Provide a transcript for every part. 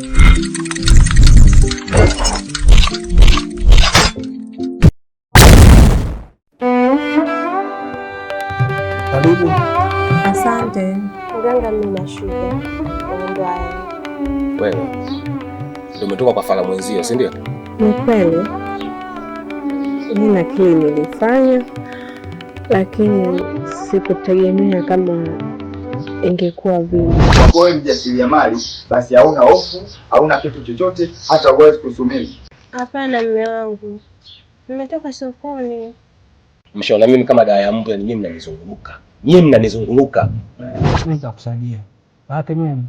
Karibu. Asante mganga, mimi na shida Wewe ndio umetoka kwa fala mwenzio, si ndio? Ni kweli, mimi na kile nilifanya, lakini sikutegemea kama ingekuwa vile. Kwa wewe mjasiriamali, basi hauna hofu, hauna kitu chochote, hata uwezi kusubiri. Hapana mume wangu, nimetoka sokoni. Mshaona mimi kama dawa ya mbwa, mimi mnanizunguluka, nyie mnanizunguluka. Nitakusaidia hata mimi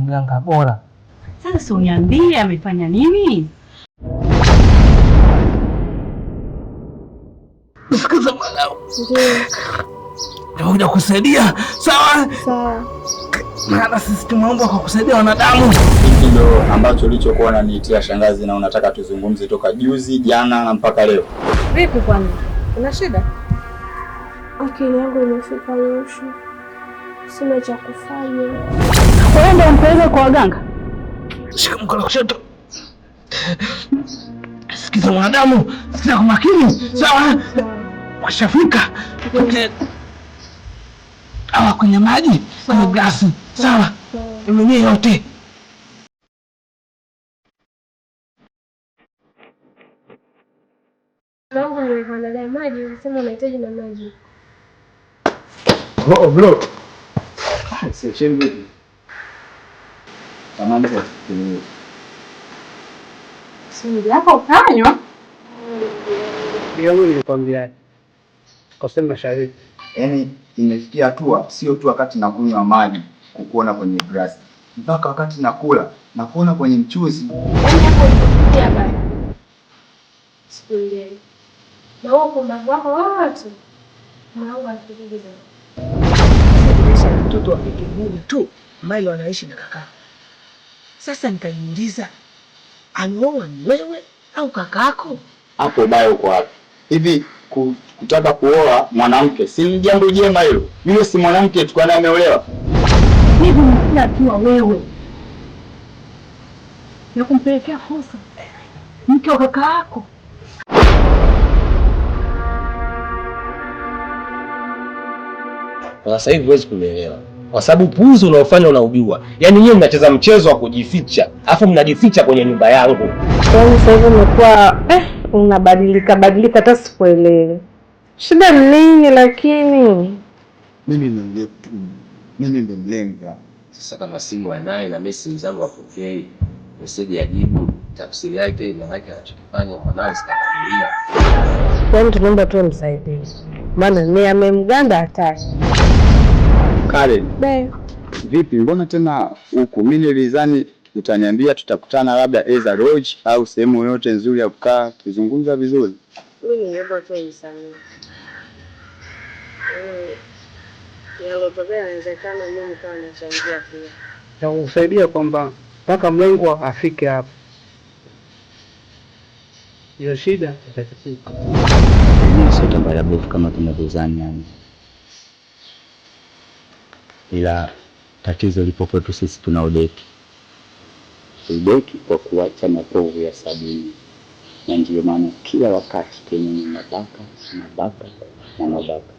mganga bora. Sasa uniambie amefanya nini? Sikiza mwanao. Nitakuja kusaidia sawa sawa, maana sisi tumeomba kwa kusaidia wanadamu. Hiki ndio ambacho ulichokuwa unaniitia shangazi, na unataka tuzungumze toka juzi jana na mpaka leo. Vipi kwani kuna shida? Akili yangu imefika mwisho, sina cha kufanya. Kwa hiyo ndio mpeleke kwa waganga. Shika mkono kushoto. Sikiza mwanadamu, sikiza kwa makini sawa. Washafika hawa kwenye maji kwenye glasi sawa, mwenyewe yote maji. Oh, oh, nilikwambia Kusini shahidi. Yaani imefikia hatua sio tu wakati nakunywa maji kukuona kwenye glasi, mpaka wakati nakula nakuona kwenye mchuzi. Mtoto wa kijijini tu ambaye anaishi na kaka. Sasa nikajiuliza ameoa ni wewe au kakako? Hapo ubaya uko wapi? Hivi kutaka kuoa mwanamke si jambo jema hilo. Yule si mwanamke tukana ameolewa. Hivi unapiga tu wewe. Na kumpelekea fursa mke wa kaka yako. Sasa hivi huwezi kunielewa kwa sababu puuzi unaofanya unaujua. Yaani nyinyi mnacheza mchezo wa kujificha, afu mnajificha kwenye nyumba yangu. Sasa hivi umekuwa eh, unabadilika badilika hata sikuelewi. Shida nini lakini? Mimi ndio mimi ndio mlenga. Sasa kama simu anaye na message zangu apokee, message ajibu, tafsiri yake na yake anachokifanya mwanawe Kwa Yaani tunaomba tu msaidie. Maana ni amemganda hatari. Karen. Vipi mbona tena huku? Mimi nilizani utaniambia tutakutana labda Eza Lodge au sehemu yoyote nzuri ya kukaa tuzungumza vizuri. Mimi yaani, yalotokea inawezekana mimi nikawa nachangia pia. Nakusaidia kwamba mpaka mlengwa afike hapo, hiyo shida itatatuka. Sio jambo la bovu kama tunavyozani yani, ila tatizo lipo kwetu sisi tunaodeki udeki kwa kuacha mapovu ya sabini na ndiyo maana kila wakati penye mabaka, mabaka na mabaka.